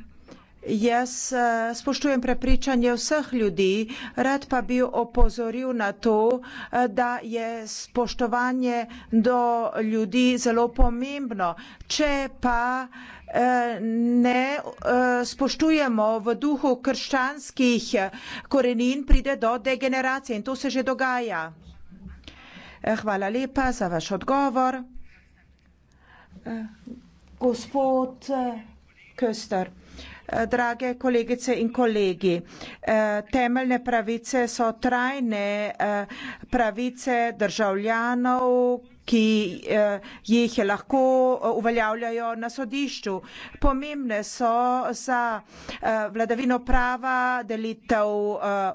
Jaz e, spoštujem prepričanje vseh ljudi, rad pa bi opozoril na to, e, da je spoštovanje do ljudi zelo pomembno. Če pa Eh, ne eh, spoštujemo v duhu krščanskih korenin, pride do degeneracije in to se že dogaja. Eh, hvala lepa za vaš odgovor. Gospod Köster. Drage kolegice in kolegi, temeljne pravice so trajne pravice državljanov, ki eh, jih lahko eh, uveljavljajo na sodišču. Pomembne so za eh, vladavino prava, delitev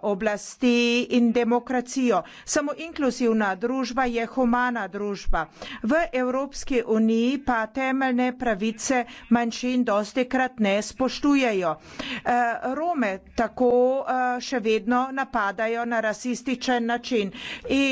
oblasti in demokracijo. Samo inklusivna družba je humana družba. V Evropski uniji pa temeljne pravice manjšin dosti krat ne spoštujejo. Rome tako še vedno napadajo na rasističen način. In